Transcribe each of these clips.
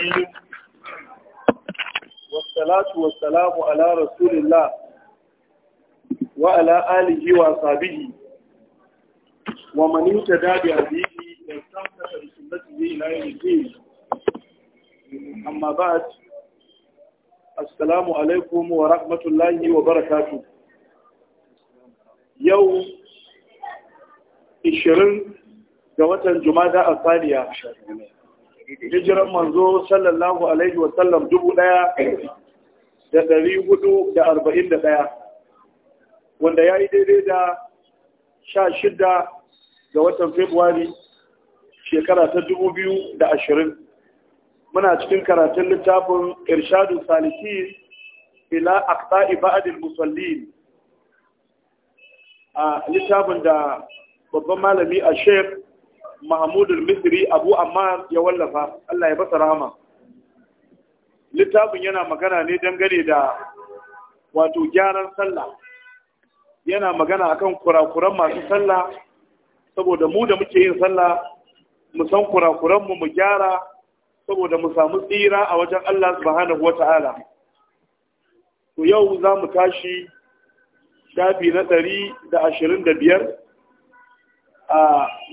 الرحيم والصلاة والسلام على رسول الله وعلى آله وصحبه ومن يتدى بهديه يستمتع بسنته إلى يوم الدين أما بعد السلام عليكم ورحمة الله وبركاته يوم 20 ga watan Jumada a Saniya hijiran manzo sallallahu alaihi wa sallam dubu daya da dari hudu da arba'in da daya wanda ya yi daidai da sha shida ga watan februari shekara ta dubu biyu da ashirin muna cikin karatun littafin irshadu salikin ila aqta'i ba'dil musallin a littafin da babban malami a sheikh محمود al ابو Abu يا ya wallafa Allah ya basa rahama littafin yana magana ne dangane da wato gyaran sallah yana magana akan kurakuran masu sallah saboda mu da muke yin sallah mu san kurakuran mu mu gyara saboda mu samu tsira a wajen Allah subhanahu wata'ala to yau za mu tashi shafi na ɗari da ashirin da biyar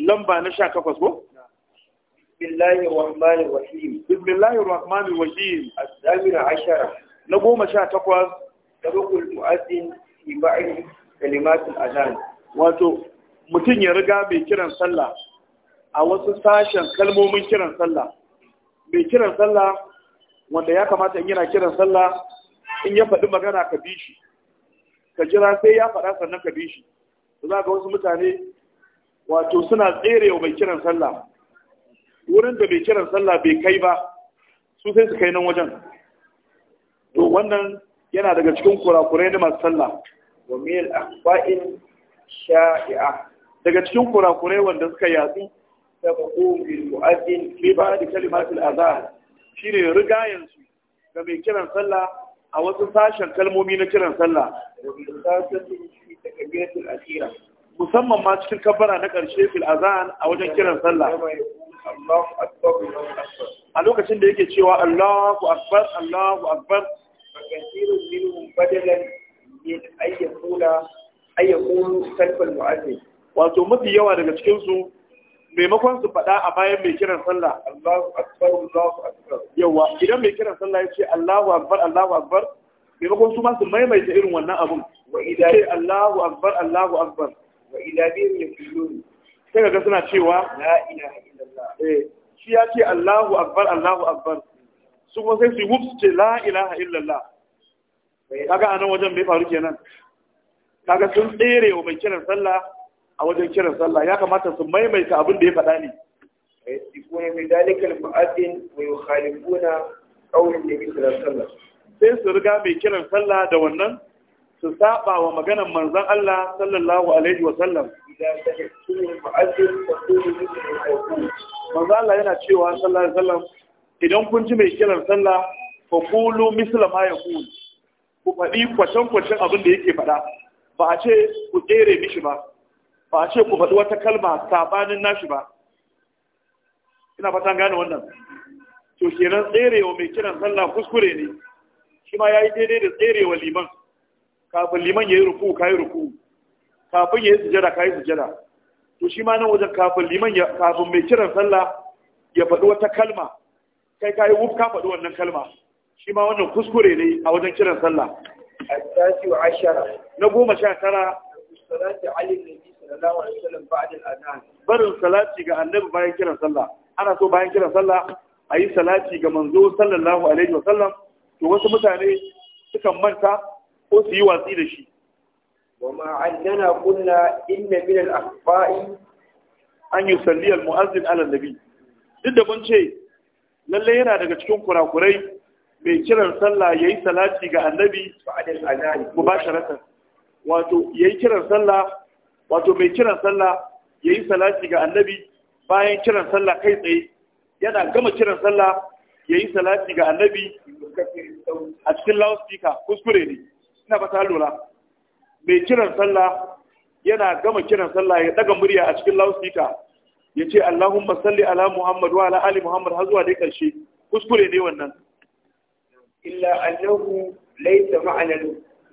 lamba na sha takwas ko? Bismillahir Rahman Rahim. Bismillahir Rahmanir A Azamira ashara. Na goma sha takwas. Tabakul mu'azzin fi ba'in a azan. Wato mutum ya riga mai kiran sallah a wasu sashen kalmomin kiran sallah. Mai kiran sallah wanda ya kamata in yana kiran sallah in ya faɗi magana ka bi shi. Ka jira sai ya faɗa sannan ka bi shi. Za ga wasu mutane wato suna tsere wa mai kiran sallah wurin da mai kiran sallah bai kai ba su sai su kai nan wajen to wannan yana daga cikin kurakurai na masu sallah wa mil akhba'in sha'i'a daga cikin kurakurai wanda suka yatsu sabaqu bil mu'adin fi ba'd kalimatil azan shine rigayansu su ga mai kiran sallah a wasu sashen kalmomi na kiran sallah wa bi sasati fi takbiratil akhirah musamman ma cikin kabbara na ƙarshe fil azan a wajen kiran sallah a lokacin da yake cewa Allahu akbar Allahu akbar fakasirun minhum badalan min ayyakula ayyakulu kalfal mu'azzin wato mafi yawa daga cikin su maimakon su faɗa a bayan mai kiran sallah Allahu akbar Allahu akbar yawa idan mai kiran sallah ya ce Allahu akbar Allahu akbar maimakon su ma su maimaita irin wannan abun wa idan Allahu akbar Allahu akbar wa idza bihim yaqulun sai ga suna cewa la ilaha illallah eh shi ya ce Allahu akbar Allahu akbar su kuma sai su wups ce la ilaha illallah eh, kaga anan wajen bai faru kenan kaga sun tsere wa mai kiran sallah a wajen kiran sallah ya kamata su maimaita abin da ya faɗa ne يكون من ذلك المؤذن ويخالفون قول النبي صلى الله عليه sallah. sai su riga mai kiran sallah da wannan su saba wa maganan manzan Allah sallallahu alaihi wasallam sallam Allah yana cewa sallallahu alaihi wasallam sallam idan kun ji mai kiran sallah fa qulu misla ma yaqul ku faɗi kwacen kwacen abin da yake faɗa ba a ce ku tsere mishi ba ba a ce ku faɗi wata kalma sabanin nashi ba ina fatan gane wannan to kenan tserewa mai kiran sallah kuskure ne shi ma yayi daidai da tserewa liman kafin liman ya yi ruku ka yi ruku kafin ya yi sujada ka yi sujada to shi ma nan wajen kafin liman ya kafin mai kiran sallah ya faɗi wata kalma kai ka yi ka faɗi wannan kalma shi ma wannan kuskure ne a wajen kiran sallah na goma sha tara barin salati ga annabi bayan kiran sallah ana so bayan kiran sallah a yi salati ga manzo sallallahu alaihi wasallam to wasu mutane sukan manta ko su yi watsi da shi kunna عندنا قلنا إن من an أن يصلي المؤذن ala nabi duk da mun ce lallai yana daga cikin kurakurai mai kiran sallah ya yi salati ga annabi mubasharatan wato ya kiran sallah wato mai kiran sallah ya yi salati ga annabi bayan kiran sallah kai tsaye yana gama kiran sallah ya yi salati ga annabi a cikin loudspeaker kuskure ne ina fata lura mai kiran sallah yana gama kiran sallah ya daga murya a cikin lausika ya ce Allahumma salli ala Muhammad wa ala ali Muhammad har zuwa dai karshe kuskure ne wannan illa annahu laysa ma'ana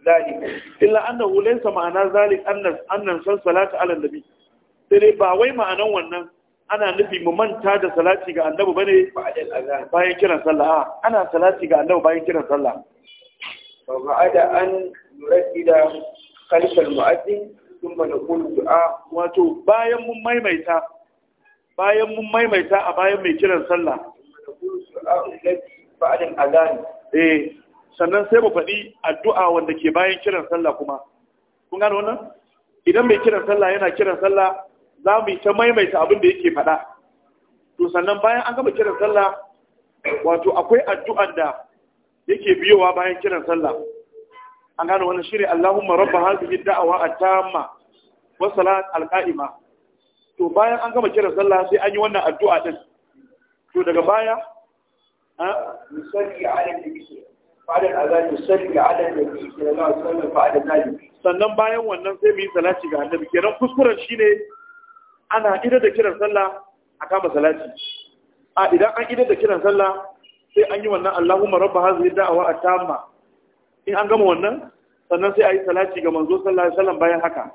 zalik illa annahu laysa ma'ana zalik annas annan san salatu ala nabi sai dai ba wai ma'anan wannan ana nufi mu manta da salati ga annabi bane bayan kiran sallah ana salati ga annabi bayan kiran sallah فبعد أن نردد خلف المؤذن ثم نقول دعاء واتو بايا من ميميتا بايا من ميميتا أبايا من كلا صلى نقول الدعاء بعد الأذان إيه sannan sai mu faɗi addu'a wanda ke bayan kiran sallah kuma kun gano wannan idan mai kiran sallah yana kiran sallah za mu yi ta maimaita abin da yake faɗa to sannan bayan an gama kiran sallah wato akwai addu'an da yake biyowa bayan kiran sallah an gane wannan shine Allahumma rabba hadhihi da'awa at-tamma wa salat al-qa'ima to bayan an gama kiran sallah sai an yi wannan addu'a din to daga baya musalli ala nabi ba'da azan musalli ala nabi sallallahu alaihi wasallam ba'da zalik sannan bayan wannan sai mu yi salati ga annabi kenan kuskuren shine ana ida da kiran sallah a kama salati a idan an ida da kiran sallah sai an yi wannan Allahumma rabba hadhihi da'awa at-tamma in an gama wannan sannan sai a yi salati ga manzo sallallahu alaihi wasallam bayan haka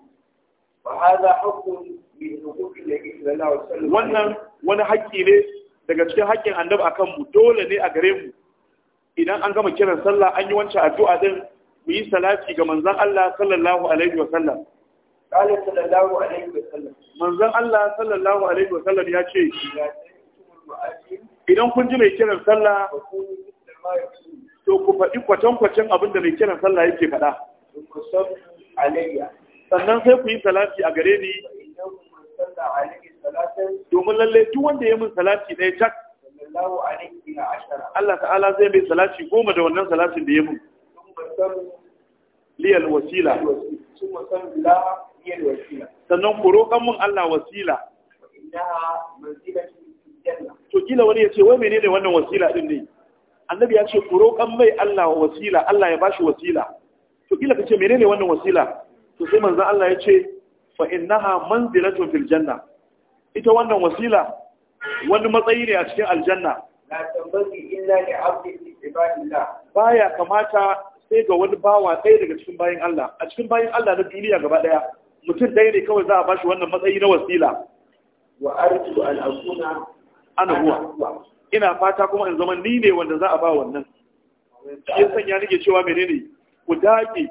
wannan wani haƙƙi ne daga cikin haƙƙin annabi akan mu dole ne a gare mu idan an gama kiran sallah an yi wancan addu'a din mu yi salati ga manzon Allah sallallahu alaihi wasallam qala sallallahu alaihi wasallam manzon Allah sallallahu alaihi wasallam ya ce idan kun ji mai kiran sallah to ku faɗi kwatankwacin abin da mai kiran sallah yake faɗa sannan sai ku yi salati a gare ni domin lalle duk wanda ya min salati ɗaya cak Allah ta'ala zai mai salati goma da wannan salatin da ya min liyal wasila sannan ku roƙan mun Allah wasila to kila wani ya ce wai menene wannan wasila din ne annabi ya ce ku roƙan mai Allah wasila Allah ya bashi wasila to kila kace menene wannan wasila to sai manzon Allah ya ce fa innaha manzilatun fil janna ita wannan wasila wani matsayi ne a cikin aljanna la tambaki illa li abdi ibadillah baya kamata sai ga wani bawa ɗaya daga cikin bayan Allah a cikin bayan Allah na duniya gaba ɗaya mutum ɗaya ne kawai za a bashi wannan matsayi na wasila wa arju an akuna ana huwa ina fata kuma in zama ni ne wanda za a ba wannan shi ya sanya nake cewa menene ku dage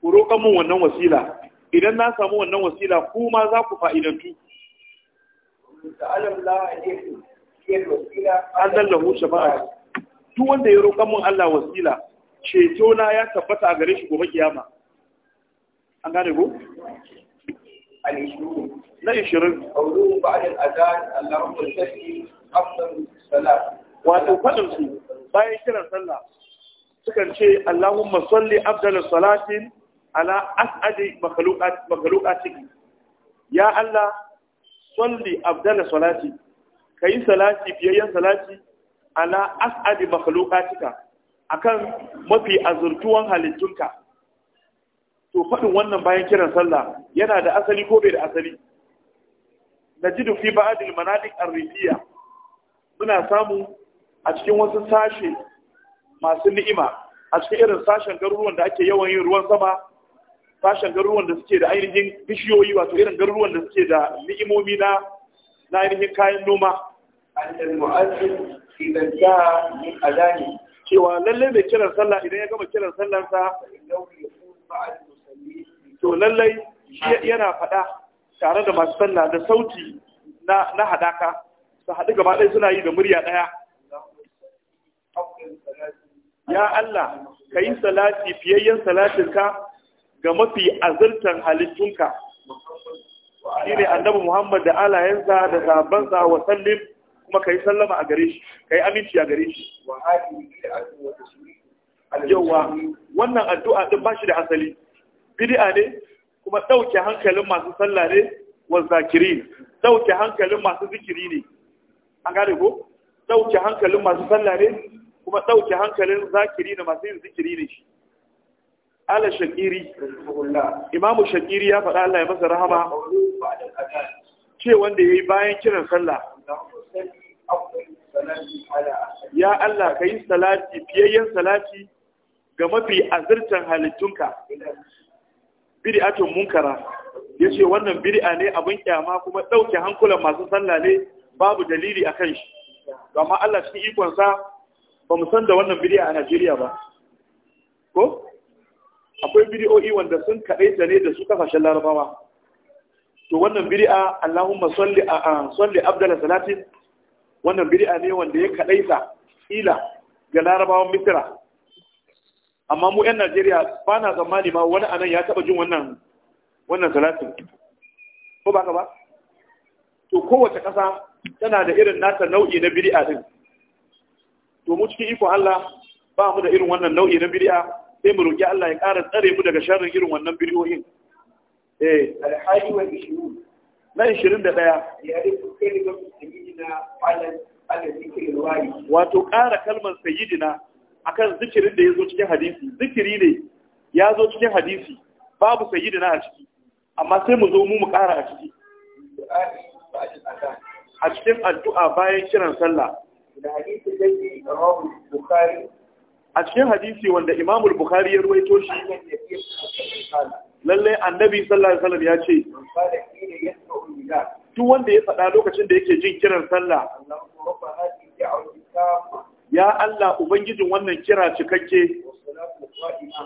ku roƙa mun wannan wasila idan na samu wannan wasila ku ma za ku fa'idantu an lallahu shafa'a duk wanda ya roƙa mun Allah wasila ceto na ya tabbata a gare shi gobe kiyama an gane ko na ishirin. auru ba'da al-adhan Allahumma wato faɗin su bayan kiran sallah sukan ce Allahumma salli afdal salatin ala as'adi makhluqat ya Allah salli afdal salati kayi salati biyayyan salati ala as'adi makhluqatika akan mafi azurtuwan halittunka to faɗin wannan bayan kiran sallah yana da asali ko bai da asali najidu fi ba'd al ar-rifiyya suna samu a cikin wasu sashe masu ni'ima a cikin irin sashen garuruwan da ake yawan yin ruwan sama sashen garuruwan da suke da ainihin bishiyoyi wato irin garuruwan da suke da ni'imomi na na ainihin kayan noma cewa lallai mai kiran sallah idan ya gama kiran sallarsa, to lallai yana faɗa tare da masu sallah da sauti na hadaka su haɗu gaba ɗaya suna yi da murya ɗaya ya Allah ka yi salati fiyayyen salatinka ga mafi azurtan halittunka shi ne annabi Muhammad da alayensa da sabansa wa sallim kuma ka yi sallama a gare shi ka yi aminci a gare shi Yauwa, wannan addu'a ɗin ba shi da asali Bidi'a ne kuma ɗauke hankalin masu sallare ne wa zakiri ɗauke hankalin masu zikiri ne an gane ko ɗauke hankalin masu sallah ne kuma ɗauke hankalin zakiri da masu yin zikiri ne shi ala shakiri imamu shakiri ya faɗa Allah ya masa rahama ce wanda ya yi bayan kiran sallah ya Allah ka yi salati fiyayyen salati ga mafi azirtan halittunka bid'atun munkara yace wannan bid'a ne abin kyama kuma ɗauke hankulan masu sallah ne babu dalili a kan shi amma Allah cikin ikonsa ba mu san da wannan biri'a a Najeriya ba ko akwai bidiyoyi wanda sun kaɗaita ne da su kafashen larabawa to wannan bidiyo Allahumma salli a salli abdala salatin wannan bidiyo ne wanda ya kaɗaita ila ga larabawan misira amma mu 'yan najeriya ba na tsammani ma wani anan ya taɓa jin wannan wannan salatin ko ba ka ba to kowace ƙasa tana da irin nata nau'i na bid'a din to mu cikin iko Allah ba mu da irin wannan nau'i na bid'a sai mu roki Allah ya ƙara tsare mu daga sharrin irin wannan bid'o'in eh alhaji wa ishu na 21 ya rubu kalimar sayyidina ala ala cikin wato ƙara kalmar sayyidina akan zikirin da ya zo cikin hadisi zikiri ne ya zo cikin hadisi babu sayyidina a ciki amma sai mu zo mu mu ƙara a ciki a cikin addu'a bayan kiran sallah a cikin hadisi wanda Imamul Bukhari ya ruwaito shi lalle annabi sallallahu alaihi ya ce Tun wanda ya faɗa lokacin da yake jin kiran sallah ya Allah ubangijin wannan kira cikakke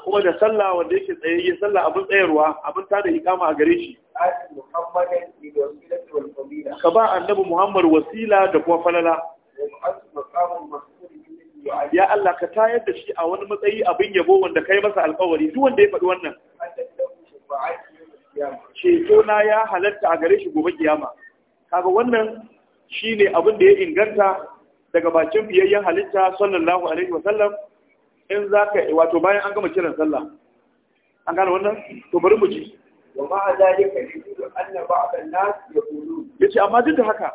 kuma da sallah wanda yake tsaye ya sallah abin tsayarwa abin ta da ikama a gare shi ka ba annabi muhammad wasila da kuma falala ya Allah ka tayar da shi a wani matsayi abin yabo wanda kai masa alkawari duk wanda ya faɗi wannan ceto na ya halatta a gare shi gobe kiyama kaga wannan shine abin da ya inganta daga bakin biyayyen halitta sallallahu alaihi wasallam in za ka yi. wato bayan an gama kiran sallah an gane wannan to bari mu ji wa ma zalika yudu anna ba'd an-nas yaqulu yace amma duk da haka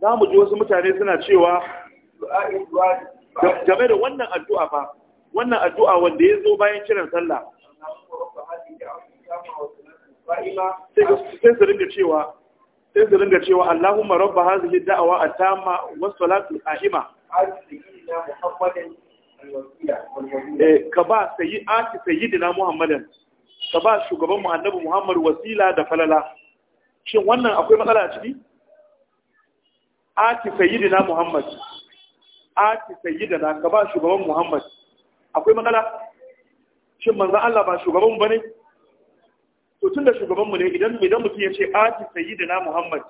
za mu ji wasu mutane suna cewa game da wannan addu'a ba wannan addu'a wanda ya zo bayan kiran sallah sai su ringa cewa sai su ringa cewa Allahumma rabba hazihi da'awa atama was salatu qa'ima Muhammadin Eh, ka ba sayi ati dina muhammadan ka ba shugaban mu muhammadu wasila da falala shin wannan akwai matsala a ciki ati sayyidina muhammad ati dina ka ba shugaban muhammad akwai matsala shin manzan Allah ba shugaban mu bane to da shugaban mu ne idan idan mutum ya ce ati dina muhammad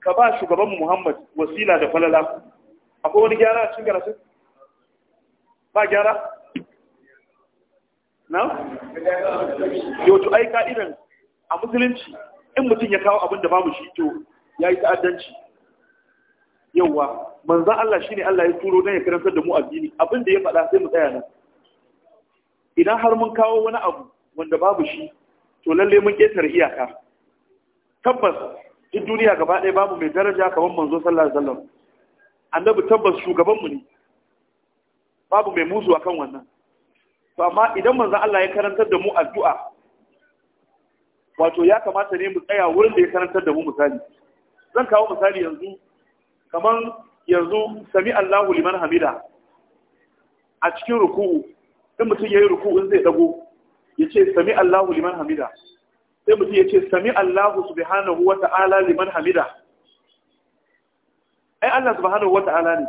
ka ba shugaban muhammad wasila da falala akwai wani gyara a cikin karatun ba gyara na? yau to ai ka'idan a musulunci in mutum ya kawo abin da babu shi to ya yi ta'addanci yauwa manzan Allah shi ne Allah ya turo don ya karantar da mu addini abin da ya faɗa sai mu tsaya nan idan har mun kawo wani abu wanda babu shi to lalle mun ƙetare iyaka tabbas duk duniya gaba ɗaya babu mai daraja kamar manzo sallallahu alaihi wasallam annabi tabbas shugaban mu ne babu mai musu a kan wannan to amma idan manzan Allah ya karantar da mu addu'a wato ya kamata ne mu tsaya wurin da ya karantar da mu misali zan kawo misali yanzu kamar yanzu sami Allahu liman hamida a cikin ruku'u in mutum ya yi ruku'u zai dago ce sami Allahu liman hamida sai mutum ya ce sami Allahu subhanahu wata'ala liman hamida ai Allah subhanahu wata'ala ne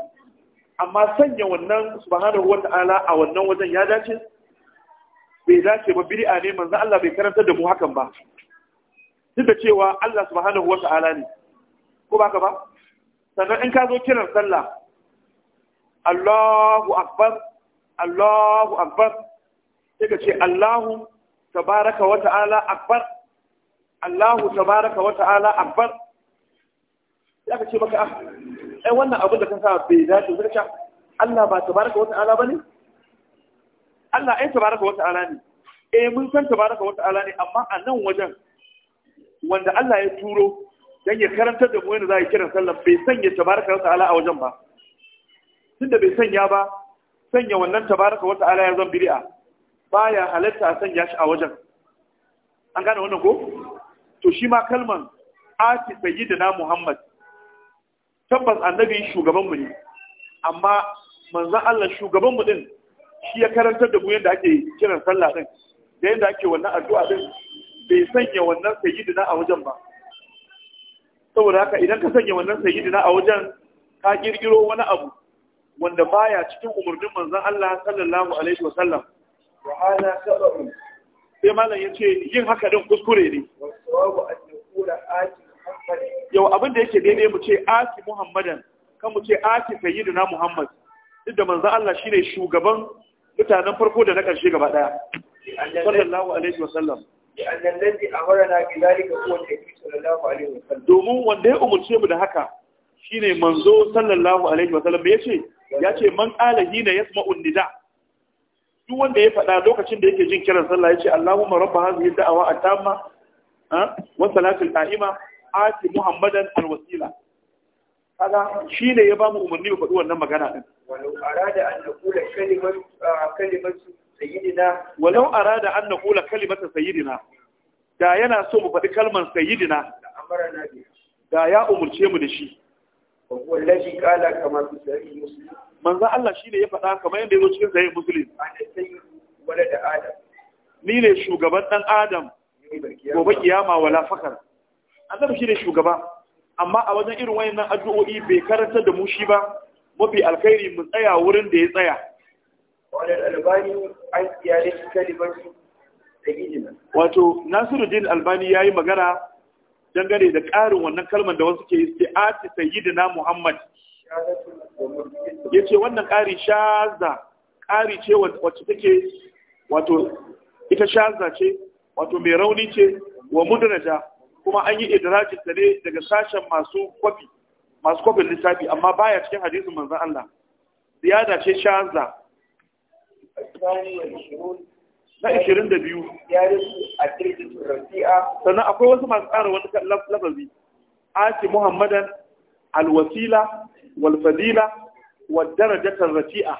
amma sanya wannan subhanahu wa ta'ala a wannan wajen ya dace bai dace ba bid'a ne manzo Allah bai karanta da mu hakan ba duk da cewa Allah subhanahu wa ta'ala ne ko baka ba sannan in ka zo kiran sallah Allahu akbar Allahu akbar sai ka ce Allahu tabaraka wa ta'ala akbar Allahu tabaraka wa ta'ala akbar sai ka ce maka ah, ai wannan abin da kan sa bai dace suka ce Allah ba tabaraka wa ta'ala bane Allah ai tabaraka wa ta'ala ne eh mun san tabaraka wa ta'ala ne amma a nan wajen wanda Allah ya turo dan ya karantar da mu zai za a kiran sallah bai sanya tabaraka wa ta'ala a wajen ba tunda bai sanya ba sanya wannan tabaraka wa ta'ala ya zan bid'a baya halatta a sanya shi a wajen an gane wannan ko to shi ma kalman ati sayyidina Muhammad tabbas annabi shugabanmu ne amma manzan Allah shugabanmu din shi ya karantar da mu yadda ake kiran sallah din da yadda ake wannan addu'a din bai sanya wannan sayyidina a wajen ba saboda haka idan ka sanya wannan sayyidina a wajen ka kirkiro wani abu wanda baya cikin umarnin manzan Allah sallallahu alaihi wa sallam wa sai malam yace yin haka din kuskure ne wa sawabu an yakuna ati yau abin da yake daidai mu ce aki muhammadan kan mu ce aki sayyiduna muhammad duk da manzon Allah shine shugaban mutanen farko da na ƙarshe gaba daya sallallahu alaihi wasallam domin wanda ya umarce mu da haka shine manzo sallallahu alaihi wasallam me yace yace man qala hina yasma'u nida duk wanda ya faɗa lokacin da yake jin kiran sallah yace Allahumma rabb hadhihi da'awa at-tamma wa salatul qa'ima ati muhammadan alwasila kaga shine ya ba mu umarni mu faɗi wannan magana din walau arada an naqula kalimat kalimatu sayyidina walau arada an naqula sayyidina da yana so mu faɗi kalmar sayyidina da ya umurce mu da shi wallahi kala kama fi sahih muslim manzo Allah shine ya faɗa kamar yadda yake cikin sahih muslim wala da adam ni ne shugaban dan adam gobe kiyama wala fakar annabi shi ne shugaba amma a wajen irin wayannan addu'o'i bai karanta da mu shi ba mafi alkhairi mu tsaya wurin da ya tsaya wannan albani an iyare da wato nasiruddin albani yayi magana dangane da ƙarin wannan kalmar da wasu ke yi ati, sayyidina muhammad yace wannan ƙari shaza ƙari ce wacce take wato ita shaza ce wato mai rauni ce wa mudraja kuma an yi idrajin ta ne daga sashen masu kwafi masu kwafin lissafi amma baya cikin hadisin manzan Allah ziyada ce shaza na 22 sannan akwai wasu masu tsara wani lafazi ati muhammadan alwasila walfadila wadarajatar rafi'a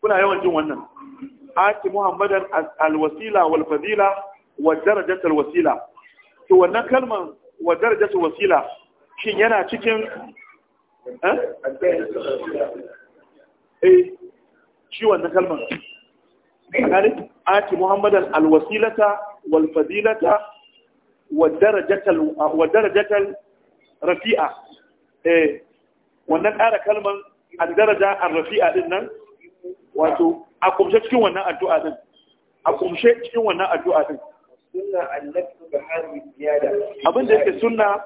kuna yawan jin wannan ati muhammadan alwasila walfadila wadarajatar wasila to wannan kalman wa darajatu wasila shin yana cikin eh, eh shi wannan kalman gani ati muhammadan alwasilata walfadilata wa darajatal rafi'a eh wannan ƙara kalman al-daraja ar-rafi'a din nan wato a kumshe cikin wannan addu'a din a kumshe cikin wannan addu'a din abin da yake sunna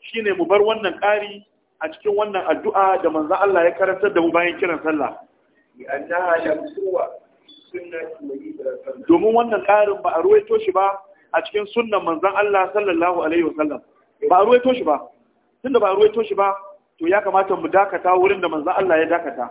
shine mu bar wannan ƙari a cikin wannan addu'a da manzan Allah ya karantar da mu bayan kiran sallah domin wannan ƙarin ba a ruwaito shi ba a cikin sunnan manzan Allah sallallahu alaihi wasallam ba a ruwaito shi ba tunda ba a ruwaito shi ba to ya kamata mu dakata wurin da manzan Allah ya dakata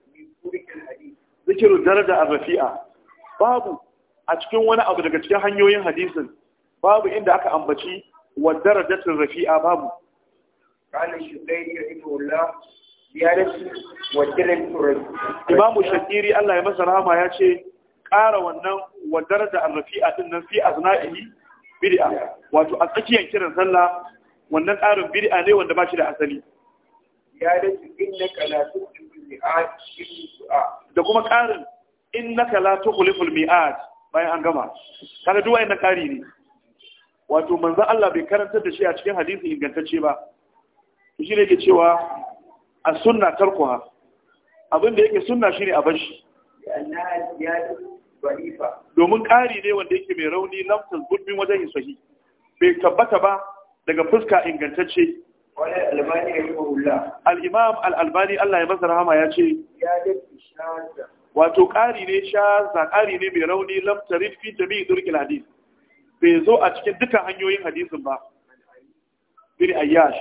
zikiru daraja rafi'a babu a cikin wani abu daga cikin hanyoyin hadisin babu inda aka ambaci wa darajatin rafi'a babu Imamu shakiri Allah ya masa rama ya ce ƙara wannan wa daraja rafi'a din nan fi azna'ihi bid'a wato a tsakiyar kiran sallah wannan ƙarin bid'a ne wanda ba shi da asali ya da innaka kana tu'ti da kuma ƙarin innaka la tukhliful mi'ad bayan an gama Kada duk na ƙari ne wato manzo Allah bai karantar da shi a cikin hadisi ingantacce ba shi ne yake cewa a sunna tarkuha abin da yake sunna shine a bar shi domin ƙari ne wanda yake mai rauni lamtas gudbin wajen sahi bai tabbata ba daga fuska ingantacce Al'imam al'albani Allah ya masa rahama ya ce, Wato ƙari ne sha ƙari ne mai rauni lamtarin fi jami'in turkin hadis, bai zo a cikin duka hanyoyin hadisun ba, bin ayyash,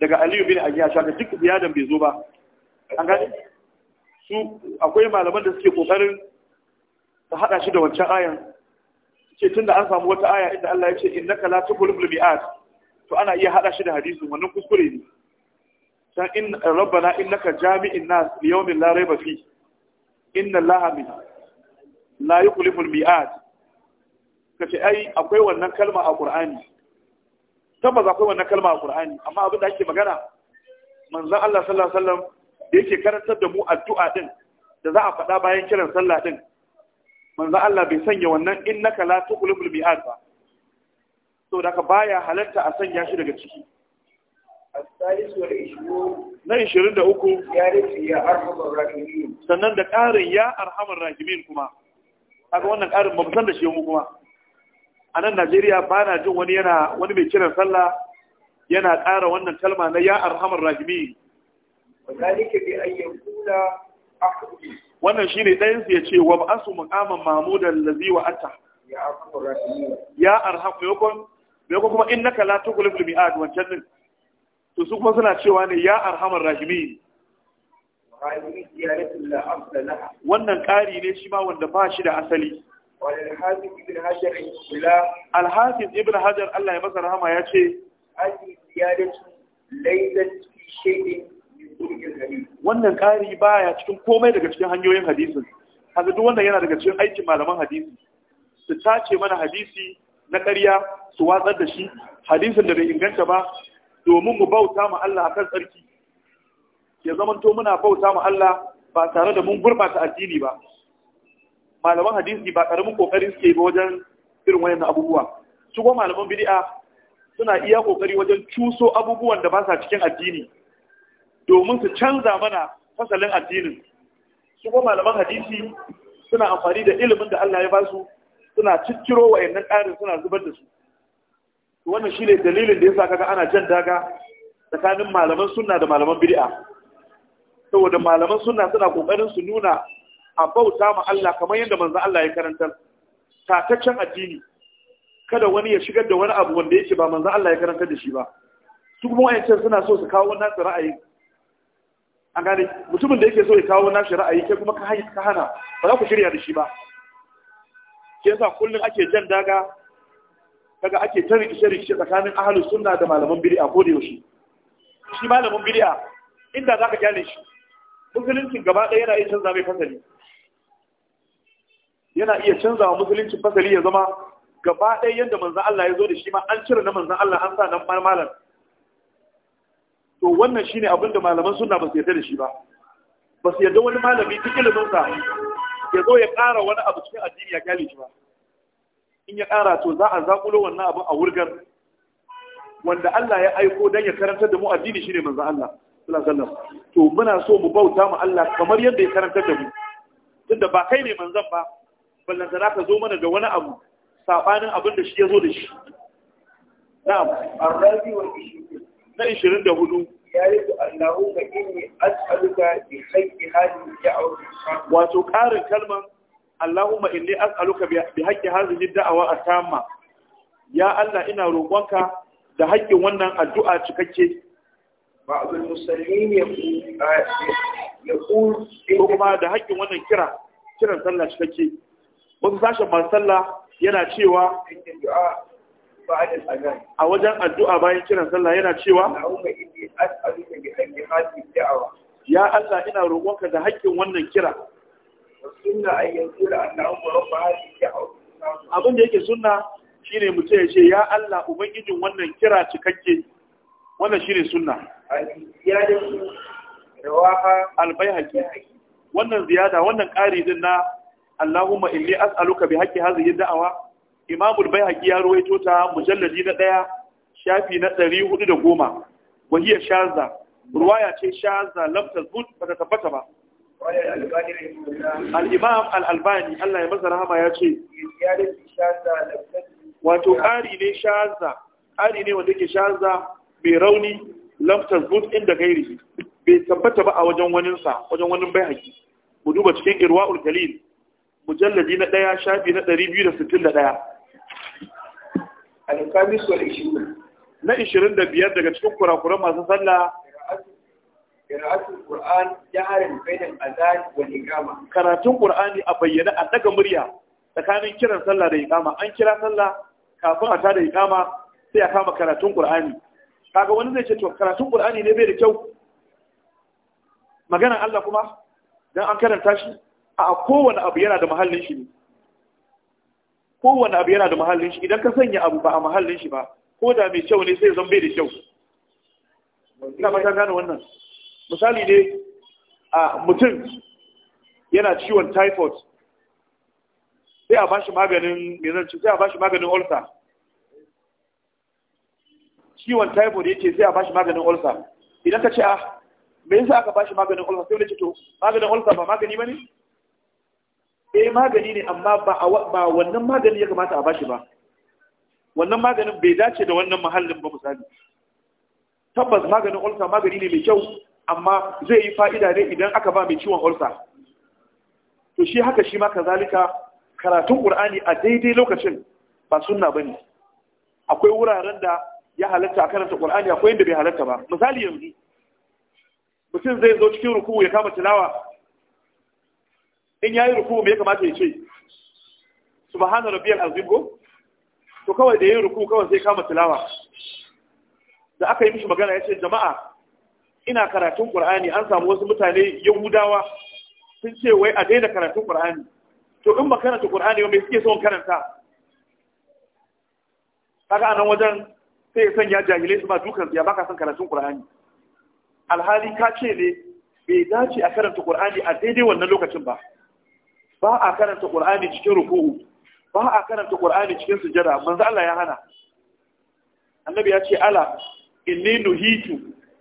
daga Aliyu bin ayyash, da duk ziyadan bai zo ba. An gani? Su akwai malaman da suke ƙoƙarin ta haɗa shi da wancan ayan, ce tun da an samu wata aya inda Allah ya ce, Innaka la tukul bil to ana iya hada shi da hadisin wannan kuskure ne san in rabbana innaka jami'in nas li yawmin la rayba fi inna allaha bi la yukhlifu al mi'ad kace ai akwai wannan kalma a qur'ani tabbas akwai wannan kalma a qur'ani amma abin da ake magana manzon Allah sallallahu alaihi wasallam da yake karantar da mu addu'a din da za a faɗa bayan kiran sallah din manzon Allah bai sanya wannan innaka la tukhlifu al mi'ad ba da ka baya halatta a sanya shi daga ciki na 23 ya rufe sannan da ƙarin ya arhamar rahimin kuma kaga wannan ƙarin ba san da shi mu kuma a nan Najeriya ba na jin wani yana wani mai kiran sallah yana ƙara wannan kalma na ya arhamar rahimin Wannan shi ne kula akhdi wannan shine ɗayan su ce wa ba'asu muqaman mahmudan lazi wa atta ya arhamar rahimin ya arhamar da kuma in latin la mai mi'ad wancan din to su kuma suna cewa ne ya arhamar rahimi. wannan ƙari ne shi ma wanda ba shi da asali alhafiz ibn hajar Allah ya masa rahama ya ce wannan ƙari baya cikin komai daga cikin hanyoyin hadisin haka wannan yana daga cikin aikin malaman hadisi su tace mana hadisi na ƙarya su watsar da shi hadisin da bai inganta ba domin mu bauta ma Allah akan tsarki ya zamanto muna bauta ma Allah ba tare da mun gurbata addini ba malaman hadisi ba ƙaramin ƙoƙari suke ba wajen irin wayan abubuwa su kuma malaman bid'a suna iya ƙoƙari wajen cuso abubuwan da ba sa cikin addini domin su canza mana fasalin addinin su kuma malaman hadisi suna amfani da ilimin da Allah ya ba su suna cicciro yannan ƙarin suna zubar da su wannan shine dalilin da yasa kaga ana jan daga tsakanin malaman sunna da malaman bid'a saboda malaman sunna suna kokarin su nuna a bauta ma Allah kamar yadda manzo Allah ya karanta. tataccen addini kada wani ya shigar da wani abu wanda yake ba manzo Allah ya karanta da shi ba su kuma wayancan suna so su kawo wannan ra'ayi an gane mutumin da yake so ya kawo wannan ra'ayi kai kuma ka hana ba za ku shirya da shi ba ke yasa kullum ake jan daga daga ake ta rikice-rikice tsakanin ahalus sunna da malaman bid'a ko da yaushe shi malamin bid'a inda zaka kyale shi musuluncin gaba ɗaya yana iya canza mai fasali yana iya canza wa musuluncin fasali ya zama gaba ɗaya yadda manzan Allah ya zo da shi ma an cire na manzan Allah an sa nan malam to wannan shine abin da malaman sunna ba su yarda da shi ba ba su yarda wani malami duk sa. ya zo ya ƙara wani abu cikin addini ya kyale shi ba in ya ƙara to za a zaƙulo wannan abu a wurgar wanda Allah ya aiko don ya karantar da mu addini shine manzan Allah to muna so mu bauta ma Allah kamar yadda ya karantar da mu tunda ba kai ne manzan ba ballanta za ka zo mana da wani abu sabanin abin da shi ya zo da shi na'am arrabi wa na 24 ya rubu Allahumma inni as'aluka bi haqqi hadhihi da'wa wato ƙarin kalmar Allahumma inni as'aluka bi haqqi hadhihi da'wa atamma ya Allah ina roƙonka da haƙƙin wannan addu'a cikakke ba'dul muslimin yaqul kuma da haƙƙin wannan kira kiran sallah cikakke wasu sashen masu sallah yana cewa a wajen addu'a bayan kiran sallah yana cewa ya Allah ina roƙonka da haƙƙin wannan kira abin da yake shi shine mutu ya ce ya Allah ubangijin wannan kira cikakke wannan shine albai haƙƙi wannan ziyada wannan ƙari din na Allahumma inni as'aluka bi haqqi hadhihi da'awa imamul bayhaqi ya ruwaito ta mujalladi na daya shafi na 410 wahiya shaza ruwaya ce shaza lam tazbut ba ta tabbata ba al-imam al-albani Allah ya masa rahama ya ce wato ƙari ne shaza ƙari ne wanda ke shaza mai rauni lam tazbut inda gairi bai tabbata ba a wajen sa wajen wani bayhaqi mu duba cikin irwaul galil mujalladi na ɗaya shafi na ɗari biyu da sittin da ɗaya al-khamis wal 20 na 25 daga cikin kurakuran masu sallah qira'atul qur'an jaharan bainal adhan wal iqama karatun qur'ani a bayyana a daga murya tsakanin kiran sallah da iqama an kira sallah kafin a tada iqama sai a kama karatun qur'ani kaga wani zai ce to karatun qur'ani ne bai da kyau maganan Allah kuma don an karanta shi a kowane abu yana da mahallin shi ne kowane abu yana da mahallin shi idan ka sanya abu ba a mahallin shi ba ko da mai kyau ne sai zan da kyau ina ba ta gane wannan misali ne a mutum yana ciwon typhoid sai a bashi maganin mezanci zan sai a bashi maganin olsa ciwon typhoid ce sai a bashi maganin olsa idan ka ce a ah, mai yasa aka bashi maganin olsa sai wani ce to maganin olsa ba magani ba ne? eh magani ne amma ba ba wannan magani ya kamata a bashi ba wannan maganin bai dace da wannan muhallin ba misali tabbas maganin ulsa magani ne mai kyau amma zai yi fa'ida ne idan aka ba mai ciwon ulsa to shi haka shi ma kazalika karatun qur'ani a daidai lokacin ba sunna bane akwai wuraren da ya halatta a karanta qur'ani akwai inda bai halatta ba misali yanzu mutum zai zo cikin ruku ya kama tilawa in yayi ruku me ya kamata ya ce subhana rabbiyal azim ko to kawai da yayi ruku kawai sai kama tilawa da aka yi mishi magana ya ce jama'a ina karatun qur'ani an samu wasu mutane yahudawa sun ce wai a daina karatun qur'ani to in ba karanta qur'ani ba suke son karanta kaga anan wajen sai ya sanya jahilai su ba dukan ya baka son karatun qur'ani alhali ka ce ne bai dace a karanta qur'ani a daidai wannan lokacin ba ba a karanta Qur'ani cikin ruku'u ba a karanta Qur'ani cikin sujada manzo Allah ya hana annabi ya ce ala inni nuhitu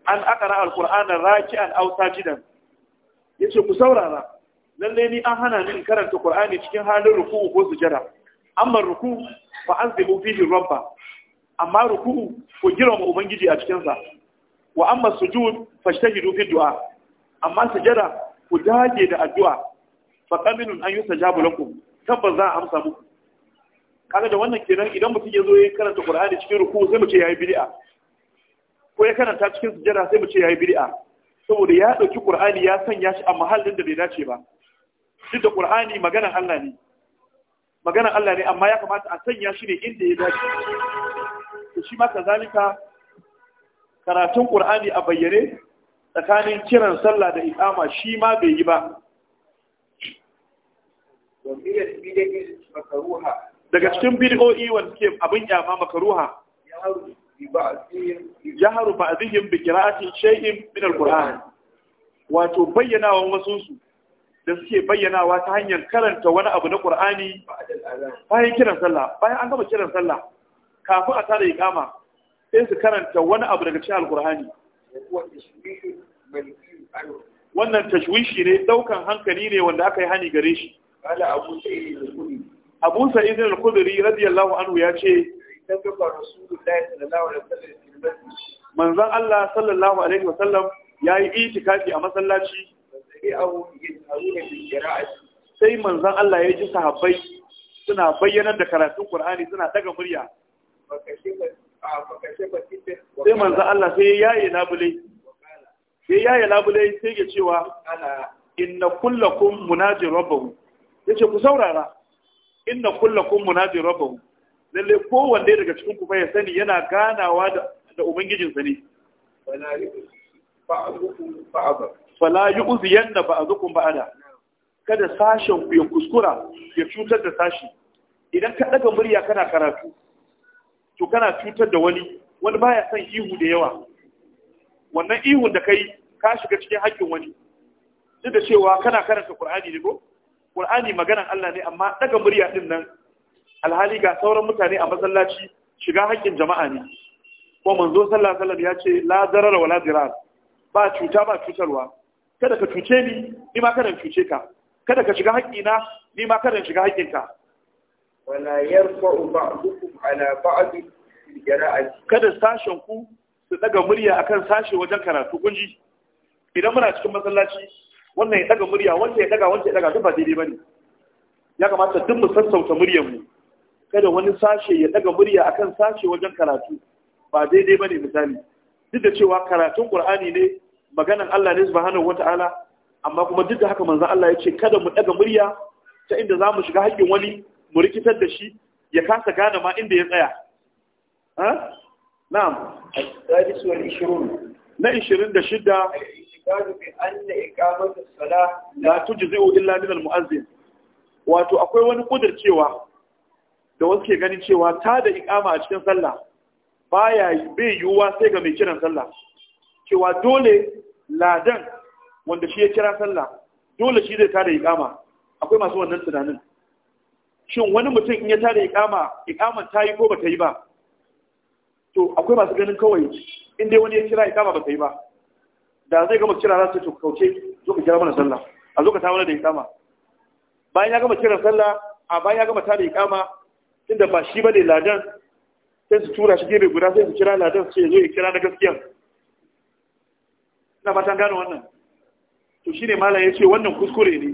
an aqra al raki'an aw sajidan yace ku saurara lalle ni an hana ni karanta Qur'ani cikin halin ruku'u ko sujada amma ruku fa anzibu fihi rabba amma ruku'u ku girma ubangiji a cikin sa wa amma sujud fashtahidu fi du'a amma sujada ku dage da addu'a fa qaminun an jabu lakum tabbas za a amsa muku kaga da wannan kenan idan mutum ya zo ya karanta Qur'ani cikin ruku sai mu ce yayi bid'a ko ya karanta cikin sujjada sai mu ce yayi bid'a saboda ya dauki Qur'ani ya sanya shi a mahallin da bai dace ba duk da Qur'ani maganar Allah ne maganar Allah ne amma ya kamata a sanya shi ne inda ya dace to shi ma kazalika karatun Qur'ani a bayyane tsakanin kiran sallah da iqama shi ma bai yi ba daga cikin bid'o'i wanda suke abin maka makaruha ya haru ba zihin bi qira'ati shay'in min al-qur'an wato bayyanawa wasu su da suke bayyanawa ta hanyar karanta wani abu na qur'ani bayan kiran sallah bayan an gama kiran sallah kafin a tare ikama sai su karanta wani abu daga cikin al-qur'ani wannan tashwishi ne daukan hankali ne wanda aka yi hani gare shi Kala Abu Sa'id al-Khudri. Abu Sa'id al-Khudri radiyallahu anhu ya ce dan gaba Rasulullahi sallallahu alaihi wasallam manzon Allah sallallahu alaihi wasallam yayi itikafi a masallaci sai manzon Allah ya ji sahabbai suna bayyanar da karatun Qur'ani suna daga murya sai manzon Allah sai yaye labule sai yaye labule sai ya cewa inna kullakum munajir rabbahu yace ku saurara inna kullakum munadi rabbahu lalle kowanne daga cikin ku bai sani yana ganawa da ubangijin ubangijinsa ne fala yu'zi yanna ba'dukum ba'ada kada sashen ku ya kuskura ya cutar da sashi idan ka daga murya kana karatu to kana cutar da wani wani baya son ihu da yawa wannan ihun da kai ka shiga cikin hakkin wani duk da cewa kana karanta Qur'ani ne ko Qur'ani maganan Allah ne amma daga murya din nan alhali ga sauran mutane a masallaci shiga haƙƙin jama'a ne ko manzo sallallahu alaihi wasallam ya ce la darara wala dirar ba cuta ba cutarwa kada ka cuce ni ni ma kada cuce ka kada ka shiga na, ni ma kada shiga ka wala yarfa'u ba'dukum ala ba'd jara'ati kada sashen ku su daga murya akan sashe wajen karatu kunji idan muna cikin masallaci wannan ya daga murya wanda ya daga wanda ya daga duk ba daidai bane ya kamata duk mu sassauta muryar mu kada wani sashe ya daga murya akan sashe wajen karatu ba daidai bane misali duk da cewa karatun Qur'ani ne maganan Allah ne subhanahu wata'ala amma kuma duk da haka manzon Allah ya ce kada mu daga murya ta inda za shiga haƙƙin wani mu rikitar da shi ya kasa gane ma inda ya tsaya ha na'am na 26 al-istisqal bi anna iqamatu as-salah la tujzi'u illa min al wato akwai wani cewa da wasu ke ganin cewa ta da iqama a cikin sallah baya bai yiwuwa sai ga mai kiran sallah cewa dole ladan wanda shi ya kira sallah dole shi zai ta da iqama akwai masu wannan tunanin shin wani mutum in ya da iqama iqaman ta yi ko ba ta yi ba to akwai masu ganin kawai in dai wani ya kira iqama ba ta yi ba da zai gama kira za su to kauce zo ka kira mana sallah a zo ka ta wani da ikama bayan ya gama kiran sallah a bayan ya gama ta da ikama tunda ba shi bane ladan sai su tura shi gefe guda sai su kira ladan su ya zo ya kira na gaskiya ina fatan gano wannan to shine malam ya ce wannan kuskure ne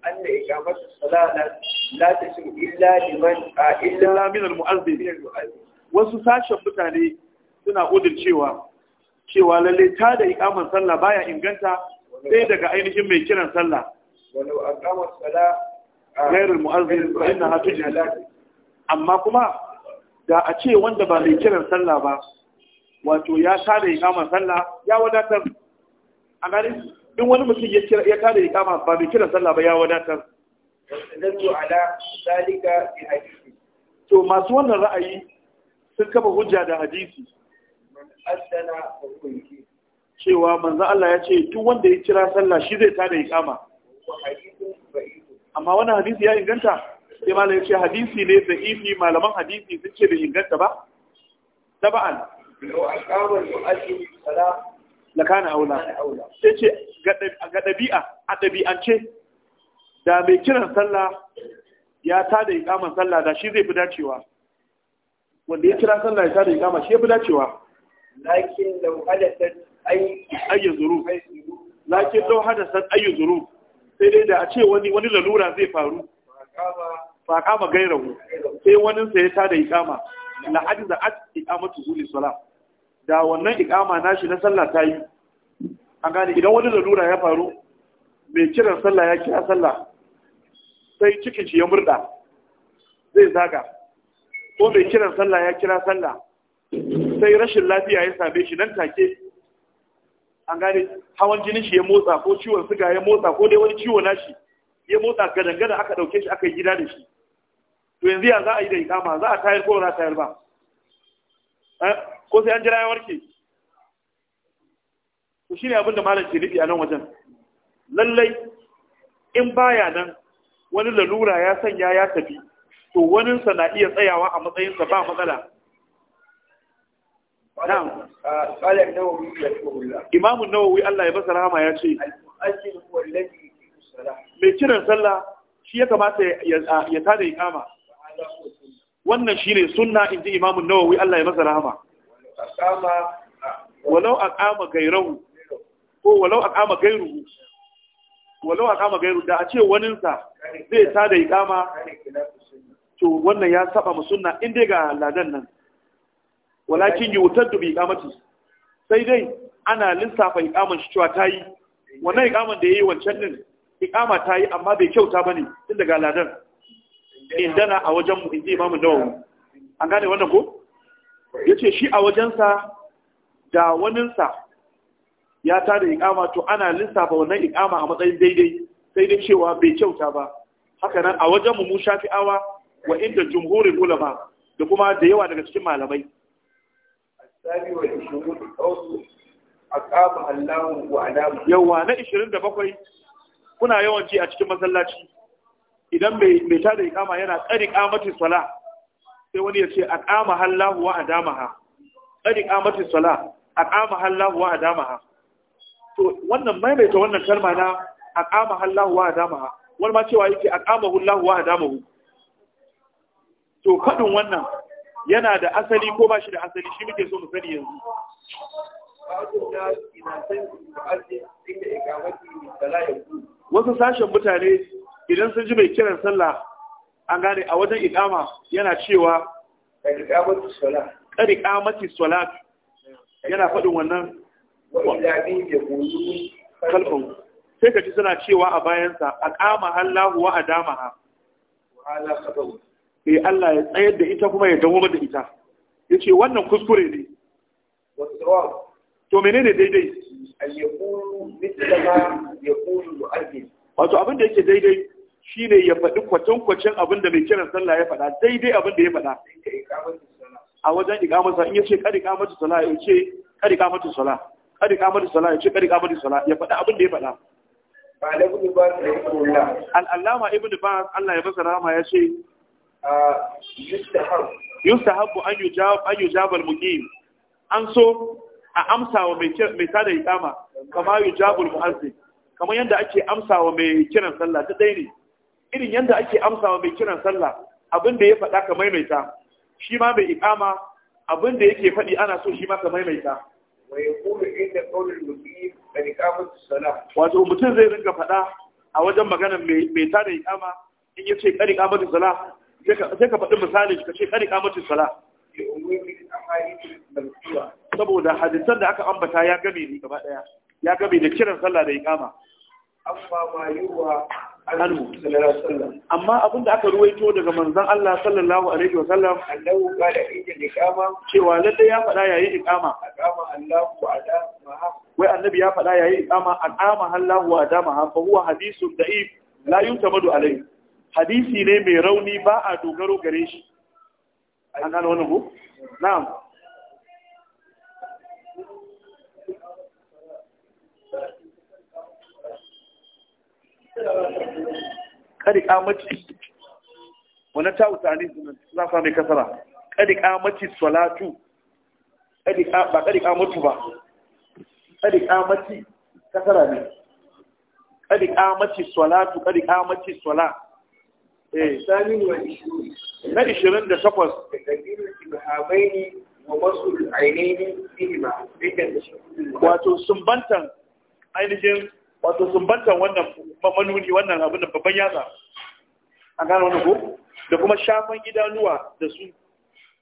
أن إقامة الصلاة لا تسمع إلا لمن إلا من المؤذن wasu sashen mutane suna odin cewa cewa lalle ta da ikamar sallah baya inganta sai daga ainihin mai kiran sallah amma kuma da a ce wanda ba mai kiran sallah ba wato ya ta da ikamar sallah ya wadatar a gari in wani mutum ya ta da tada ba mai kiran sallah ba ya wadatar to masu wannan ra'ayi sun kafa hujja da hadisi cewa manzo Allah ya ce duk wanda ya kira sallah shi zai tada kama. amma wannan hadisi ya inganta sai malam ya ce hadisi ne da ifi malaman hadisi sun ce da inganta ba taba'an la kana aula sai ce ga dabi'a a dabi'ance da mai kiran sallah ya tada iqaman sallah da shi zai fi dacewa wanda ya kira sallah ya tada kama shi ya fi dacewa lakin lau hadasat ayyu zuruf sai dai da a ce wani wani lalura zai faru Ba kama gairahu sai wani sai ta da ikama la ajza at iqamatu zuli salam da wannan ikama nashi na sallah ta yi an gane idan wani lalura ya faru mai kiran sallah ya kira sallah sai cikin shi ya murda zai zaga ko mai kiran sallah ya kira sallah sai rashin lafiya ya same shi nan take an gane hawan jinin shi ya motsa ko ciwon suga ya motsa ko dai wani ciwo na shi ya motsa ga aka dauke shi aka yi gida da shi to yanzu ya za a yi da ikama za a tayar ko za a tayar ba eh, ko sai an jira ya warke to shine abin da malam ke nufi a nan wajen lallai in baya nan wani lalura ya sanya ya tafi to waninsa na iya tsayawa a matsayinsa ba matsala Imamun ah, qala nawawi Allah ya basa rahama ya ce mai kiran sallah shi ya kamata ya tada iqama wannan ne suna in ji Imamun nawawi Allah ya masa rahama ah, walau kama gairahu ko walau kama gairuhu walau kama gairu da a ce waninsa zai tada iqama to wannan ya saba mu suna inda ga ladan nan walakin wutar da bai kamata sai dai ana lissafa ikaman shi cewa ta yi. wannan ikaman da ya yi wancan din ta yi amma bai kyauta ba ne, tun daga ladan indana a wajen mu inji imamu wani an gane wannan ko ce shi a wajensa da waninsa ya tada ikama, to ana lissafa wannan ikama a matsayin daidai sai dai cewa bai kyauta ba haka nan a wajen mu mu awa wa inda jumhurin ulama da kuma da yawa daga cikin malamai sabi wa ishirin da kawo a wa na ishirin da bakwai kuna yawanci a cikin masallaci idan mai da ikama yana tsari kamatin sala sai wani ya ce a ƙama Allahu wa adamaha. Tsari kamatin sala a ƙama Allahu wa adamaha. To wannan maimaita wannan kalma na a ƙama Allahu wa adamaha. Wani ma cewa yake a ƙama Allahu wa adamahu. To faɗin wannan yana da asali ko ba shi da asali shi muke so mu sani yanzu wasu sashen mutane idan sun ji mai kiran sallah an gane a wajen ikama yana cewa ƙari kamati salat yana faɗin wannan kalfin sai ka ci suna cewa a bayansa a kama hallahu wa a dama ha eh Allah ya tsayar da ita kuma ya dawo da ita Ya ce wannan kuskure ne to ne daidai wato abin da yake daidai shi ne ya faɗi kwacin abin da mai kiran sallah ya faɗa daidai abin da ya faɗa a wajen ikamata in yace kari kamata sala ya ce kari kamata sala kari kamata sala ya ce kari kamata sala ya faɗa abin da ya faɗa Al’allama allama ibn baz Allah ya masa rama ya ce yustahabu an yujab an yujab al-muqim an so a amsa wa mai tada iqama kama yujabul mu'azzin kamar yadda ake amsa wa mai kiran sallah ta ɗaya ne irin yadda ake amsa wa mai kiran sallah abin da ya faɗa ka maimaita shi ma mai iqama abin da yake faɗi ana so shi ma ka maimaita wato mutum zai ringa faɗa a wajen magana mai tada iqama in yi ce qad iqamatu salah sai ka faɗi misali ka ce kari kamatin sala saboda hadisan da aka ambata ya game ne gaba ɗaya ya game da kiran sallah da iqama amma abin da aka ruwaito daga manzon Allah sallallahu alaihi wa sallam cewa lalle ya faɗa yayi ikama Allahu wai annabi ya faɗa yayin iqama an'ama Allahu adama fa huwa hadithun da'if la yutamadu alaihi hadisi ne mai rauni ba a dogaro gare shi an gano wani ku? na'am kari kamaci wani ta wutane za su mai kasara kari kamaci salatu ba kari kamatu ba kari kamaci kasara ne kari kamaci salatu kari kamaci salatu Eh. na ishirin da takwas wato sumbantan ainihin wato sumbantan wannan manuni wannan abin da babban yatsa a gane wani ko da kuma shafan idanuwa da su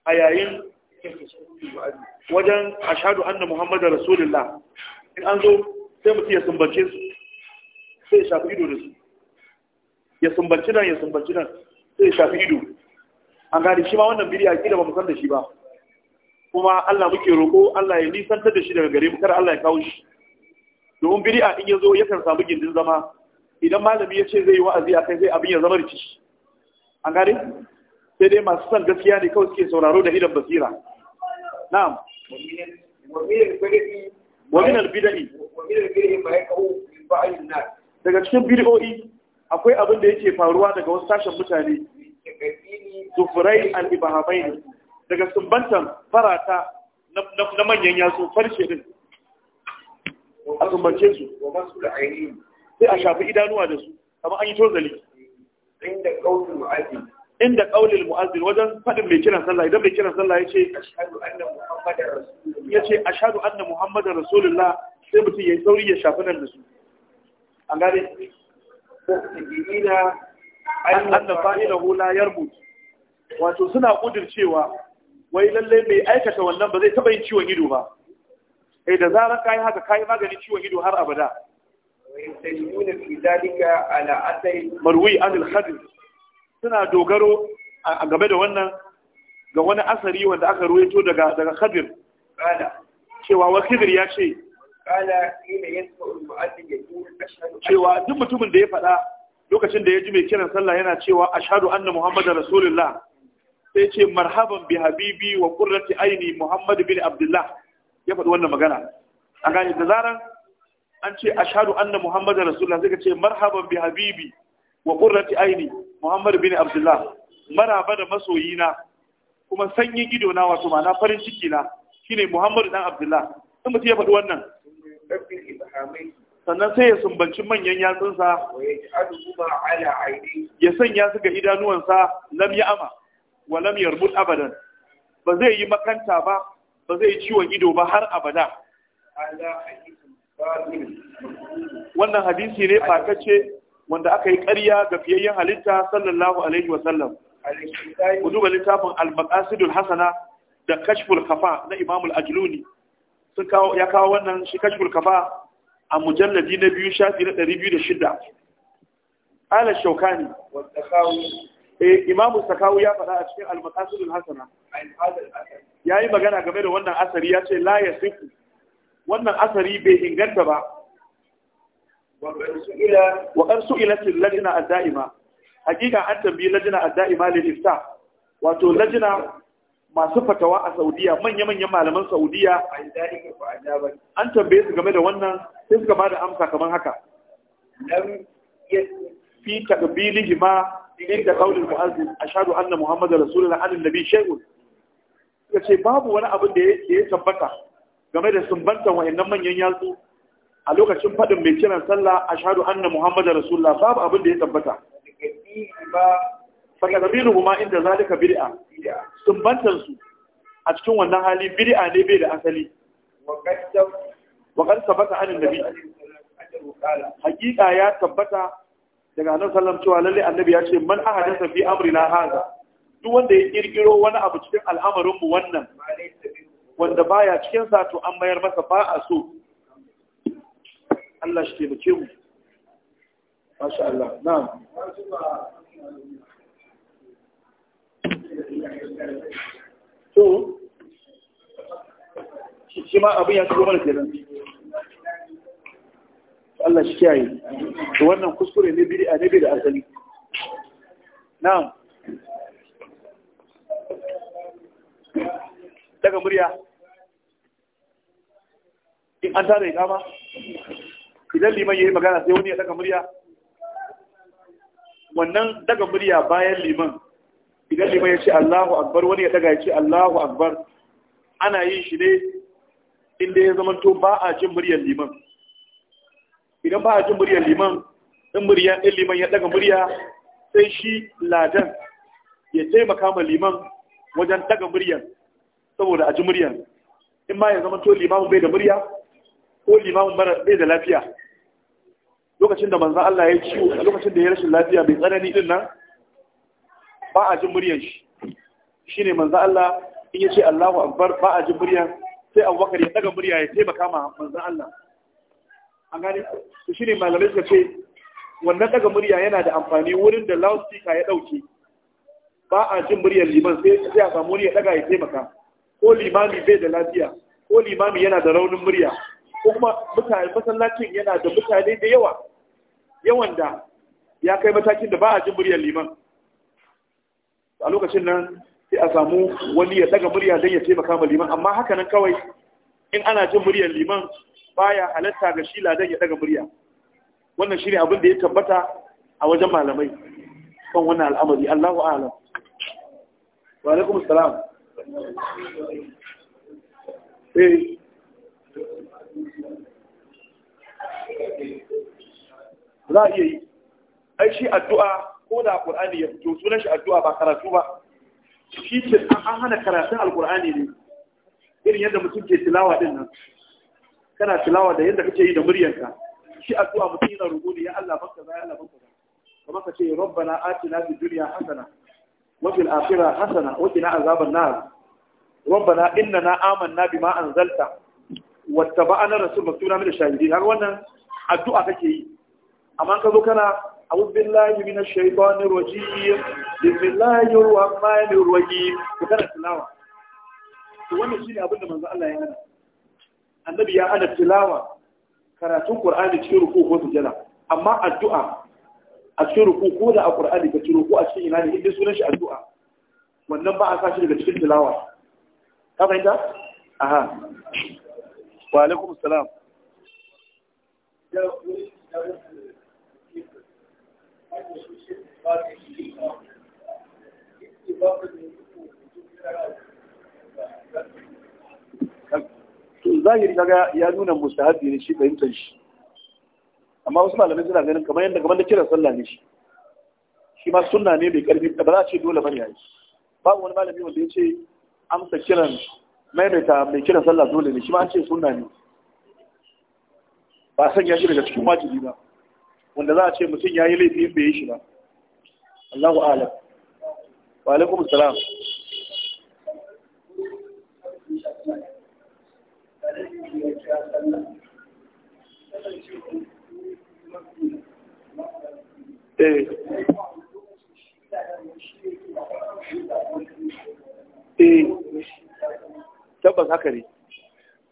a yayin wajen ashadu anna muhammadu rasulullah in an zo sai mutum ya sumbance su sai shafi ido da su ya sumbanci nan ya sumbanci nan sai ya shafi ido an gani shi ma wannan a kila ba musan san da shi ba kuma Allah muke roko Allah ya nisantar da shi daga gare mu kar Allah ya kawo shi domin bidiya in ya zo yakan samu gindin zama idan malami ya ce zai yi wa'azi a kai sai abin ya zama rikici an gani, sai dai masu son gaskiya ne kawai suke sauraro da idan basira na'am wa min al-bid'i daga cikin bid'o'i akwai abin da yake faruwa daga wasu tashin mutane zufurai al-ibahamai ne daga sumbantan farata na manyan yatsu farce din a sumbance su sai a shafi idanuwa da su kama an yi tozali inda ƙaunin mu'azin wajen faɗin mai kiran sallah idan mai kiran sallah ya ce ya ce ashadu anna muhammadar rasulullah sai mutum ya yi sauri ya shafi nan da su an gane muqtiina anna fa'ilahu yarbut wato suna ƙudircewa, wai lallai mai aikata wannan ba zai taba yin ciwon ido ba eh da zarar kai haka kayi magani ciwon ido har abada marwi an suna dogaro a game da wannan ga wani asari wanda aka ruwaito daga Hadir. cewa wakilir ya ce cewa duk mutumin da ya faɗa lokacin da ya ji mai kiran sallah yana cewa ashhadu anna muhammadar rasulullah sai ce marhaban bi habibi wa qurrati aini muhammad bin abdullah ya faɗi wannan magana a gani da zaran an ce ashhadu anna muhammadar rasulullah sai ka ce marhaban bi habibi wa qurrati aini muhammad bin abdullah maraba da masoyina kuma sanyin ido na wato ma'ana farin ciki na shine muhammad dan abdullah in mutum ya faɗi wannan sannan sai ya sumbanci manyan yatsunsa ya sanya su ga idanuwansa lam ya ama wa lam yarmut abadan ba zai yi makanta ba ba zai ciwon ido ba har abada wannan hadisi ne fatace wanda aka yi ƙarya ga fiyayyen halitta sallallahu alaihi wasallam ku duba littafin al-maqasidul hasana da kashful kafa na imamul ajluni sun kawo ya kawo wannan shi kashful kafa a mujalladi na biyu shafi na ɗari biyu da shida ala shaukani eh imamu sakawu ya faɗa a cikin al hasana ya yi magana game da wannan asari ya ce la ya sifu wannan asari bai inganta ba wa ƙarsu ilatin lajina a da'ima hakika an tambayi lajina a da'ima lalifta wato lajina masu fatawa a saudiya manya-manyan malaman saudiya an tambaye su game da wannan sai suka ba da amsa kamar haka fi takbili ma inda kaunin mu'azzin ashhadu anna muhammadu rasulullahi anin nabi shay'un suka ce babu wani abin da ya tabbata game da sumbantan wayannan manyan yatsu a lokacin fadin mai kiran sallah ashhadu anna muhammadu rasulullahi babu abin da ya tabbata fatakabinu kuma inda zalika bid'a bir'a. su a cikin wannan hali bid'a ne bai da asali wa tabbata an nabi hakika ya tabbata daga nan sallam cewa lalle annabi ya ce man ahadatha fi na hadha duk wanda ya kirkiro wani abu cikin al'amarin mu wannan wanda baya cikin sa to an mayar masa ba a so Allah shi taimake mu masha Allah na'am to shi ma abin ya shigo mana kenan Allah shi kiyaye to wannan kuskure ne bid'a ne da asali na'am daga murya in an tare kama idan liman yayi magana sai wani ya daga murya wannan daga murya bayan liman idan liman ya ce Allahu akbar wani ya daga ya ce Allahu akbar ana yin shi ne inda ya zama to ba a jin muryar liman idan ba a jin muryar liman in murya in liman ya daga murya sai shi ladan ya taimaka ma liman wajen daga murya saboda a ji muryar in ma ya zama to limamin bai da murya ko limamin bai da lafiya lokacin da manzan Allah ya ciwo lokacin da ya rashin lafiya bai tsanani din nan ba a jin muryan shi Shi ne manzan Allah in yace Allahu akbar ba a jin muryan sai wakar ya daga murya ya taimaka ma manzan Allah an su shi ne malamai suka ce wannan daga murya yana da amfani wurin da loudspeaker ya dauke ba a jin muryan liman sai sai a samu ya daga ya taimaka ko limami bai da lafiya ko limami yana da raunin murya ko kuma mutane masallacin yana da mutane da yawa yawan da ya kai matakin da ba a jin muryan liman a lokacin nan sai a samu wani ya daga murya don ya taimaka ma liman amma haka nan kawai in ana jin muryar liman baya halatta ga shila don ya daga murya wannan shine abin da ya tabbata a wajen malamai kan wannan al'amari Allahu a'lam wa alaikum assalam eh za a iya yi ai shi addu'a ko da alqur'ani ya fito sunan shi addu'a ba karatu ba shi ce an hana karatun alqur'ani ne irin yadda mutum ke tilawa din nan kana tilawa da yadda kake yi da muryanka shi addu'a mutum yana ne ya Allah baka za ya Allah baka za kamar ka ce rabbana atina fid dunya hasana wa fil akhirati hasana wa qina azaban nar rabbana innana amanna bima anzalta wattaba'ana rasul maktuna min ash-shahidin har wannan addu'a kake yi amma ka zo kana أعوذ بالله من الشيطان الرجيم بسم الله الرحمن الرحيم وكان التلاوة وانا abinda أبدا من الله يانا النبي يا أنا التلاوة karatun Qur'ani cikin ruku ko sujada amma addu'a a cikin ruku ko da a Qur'ani ka ko a cikin ina ne inda sunan shi addu'a wannan ba a sa shi daga cikin tilawa ka fahimta aha wa alaikum zahiri kaga ya nuna mustahabi ne shi fahimtar shi amma wasu malamai suna ganin kamar yadda kamar da kiran sallah ne shi shi ma sunna ne mai karfi ba za a ce dole bane yayi babu wani malami wanda ya ce amsa kiran maimaita mai kiran sallah dole ne shi ma an ce sunna ne ba san ya shi daga cikin wajibi ba wanda za a ce mutum ya yi laifi bai yi shi ba Allahu a'lam wa alaikum Eh. Eh. tabbas haka ne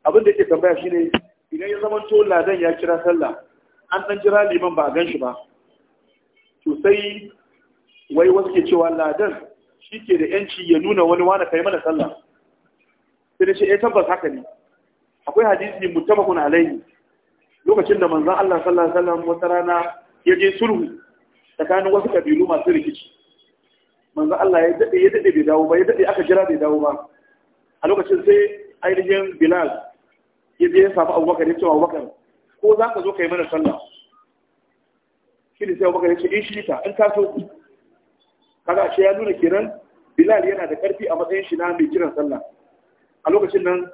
abin da ke tambaya shi ne idan ya zama to ladan ya kira sallah an dan jira liman ba a gan shi ba to wai wasu ke cewa ladan shi ke da yanci ya nuna wani wani kai mana sallah sai da shi ya tabbas haka ne akwai hadisi mutabakun alaihi lokacin da manzon Allah sallallahu alaihi wasallam wata rana ya je sulhu tsakanin wasu kabilu masu rikici manzon Allah ya dade ya dade bai dawo ba ya dade aka jira bai dawo ba a lokacin sai ainihin Bilal ya je ya samu Abubakar ya ce Abubakar ko za ka zo ka yi mana sallah shi ne sai Abubakar ya ce in shi ta in ka so kaga ashe ya nuna kiran Bilal yana da karfi a matsayin shi na mai kiran sallah a lokacin nan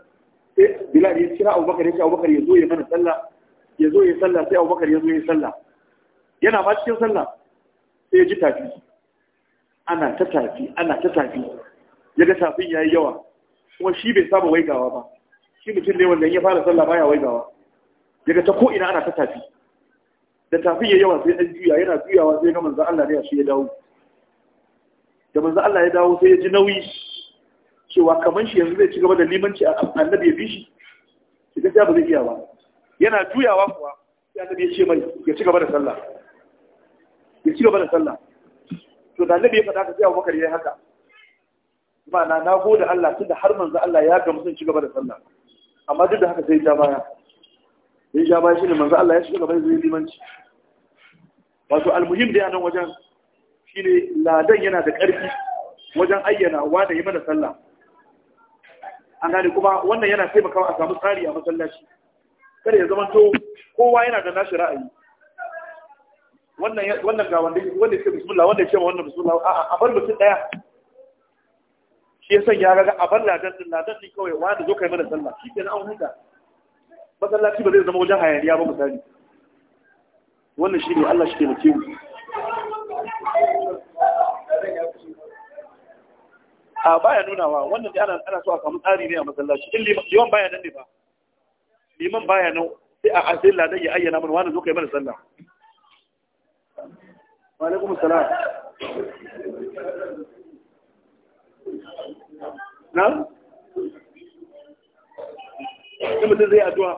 sai bilal ya kira Bakar ya ce Abu ya zo ya mana sallah ya zo ya sallah sai Abu ya zo ya sallah yana ba cikin sallah sai ya ji tafi ana ta tafi ana ta tafi ya ga tafin ya yi yawa kuma shi bai saba waigawa ba shi mutum ne wanda ya fara sallah baya waigawa ya ga ta ko ina ana ta tafi da tafin ya yawa sai dan juya yana juyawa sai ga manzo Allah ne ya shi ya dawo da manzo Allah ya dawo sai ya ji nauyi cewa kamar shi yanzu zai ci gaba da limanci annabi ya bishi? shi ga ya ba zai iya ba yana juyawa kuwa sai annabi ya ce mai ya ci gaba da sallah ya ci gaba da sallah to da annabi ya faɗa ka sai Abu Bakar yayi haka ma'ana na gode Allah tun da har manzo Allah ya gamsu ci gaba da sallah amma duk da haka sai ja baya sai ja baya shine manzo Allah ya ci gaba da limanci wato almuhim da nan wajen shine ladan yana da ƙarfi wajen ayyana wa da yi mana sallah an gane kuma wannan yana taimakawa a samu tsari a masallaci kada ya zama to kowa yana da nashi ra'ayi wannan ga wanda wanda yake bismillah wanda yake wannan bismillah a a bar mutum daya shi yasan ya ga a bar ladan din ladan din kawai wanda zo kai mana sallah shi kenan an huta masallaci ba zai zama wajen hayaniya ba misali wannan shi ne Allah shi ke mutum a baya nunawa wannan da ana ana so a samu tsari ne a masallaci in liman baya nan ne ba liman baya nan sai a asil ladan ya ayyana mana wani zo kai mana sallah wa alaikum assalam na in mutum zai addu'a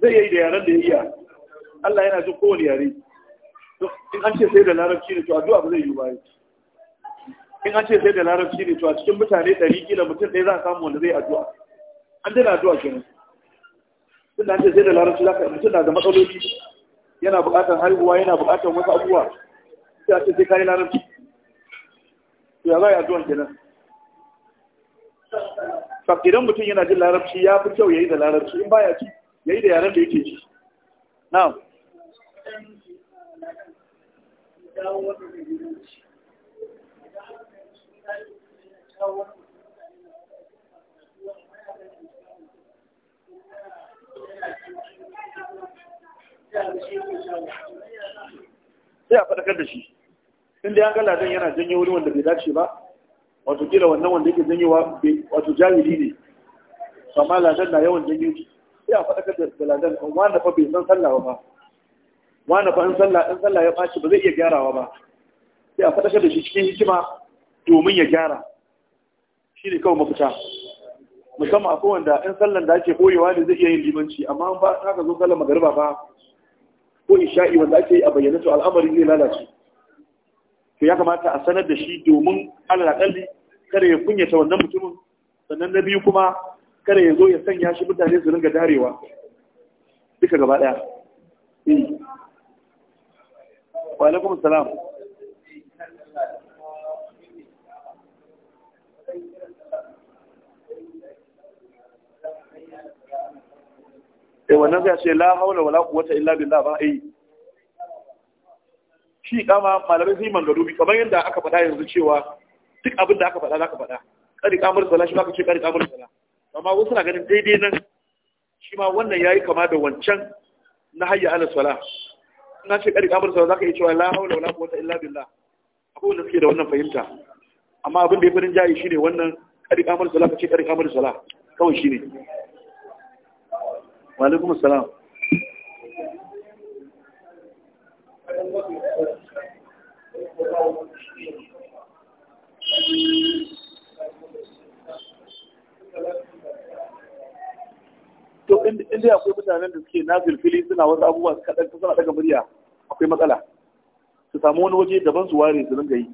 zai yi da yaran da ya iya Allah yana jin kowane yare in an ce sai da larabci ne to addu'a ba zai yi ba in an ce sai da larabci ne to a cikin mutane ɗari kila mutum ɗaya za a samu wanda zai addu'a an dana addu'a kenan tun da an ce sai da larabci za ka mutum na da matsaloli yana buƙatar haihuwa yana buƙatar wasu abubuwa sai a ce sai kayi larabci to ya za a yi addu'a kenan idan mutum yana jin larabci ya fi kyau ya yi da larabci in baya ci ya yi da yaren da yake ci na'am dawo wannan da da shi sai a faɗakar da shi inda ya gala zan yana janye wuri wanda bai dace ba wato kila wannan wanda yake janyowa wato jahili ne amma ladan na yawan janyo sai a faɗakar da ladan wanda fa bai san sallawa ba wani fa in sallah in sallah ya ɓaci ba zai iya gyarawa ba sai a faɗakar da shi cikin hikima domin ya gyara shi ne kawai mafita musamman akwai wanda in sallan da ake koyewa ne zai iya yin limanci amma ba haka zo sallan magariba ba ko isha'i wanda ake yi a bayyana to al'amari zai lalace to ya kamata a sanar da shi domin alal akalli kada ya kunyata wannan mutumin sannan na biyu kuma kada ya zo ya sanya shi mutane su ringa darewa duka gaba daya eh. wa alaikum salam eh wannan zai ce la haula wala quwwata illa billah ba eh shi kama malamai sai mangado bi kamar yadda aka faɗa yanzu cewa duk abin da aka faɗa za ka faɗa kari kamar sala shi ba ka ce kari kamar sala amma wasu na ganin daidai nan shi ma wannan yayi kama da wancan na hayya ala sala na ce kari kamar za ka yi cewa la haula wala quwwata illa billah akwai wanda suke da wannan fahimta amma abin da ya farin jayi shine wannan kari kamar sala ka ce kari kamar sala kawai shine wa alaikum assalam to inda akwai mutanen da suke na filfili suna wasu abubuwa su kaɗan suna daga murya akwai matsala su samu wani waje daban su ware su dinga yi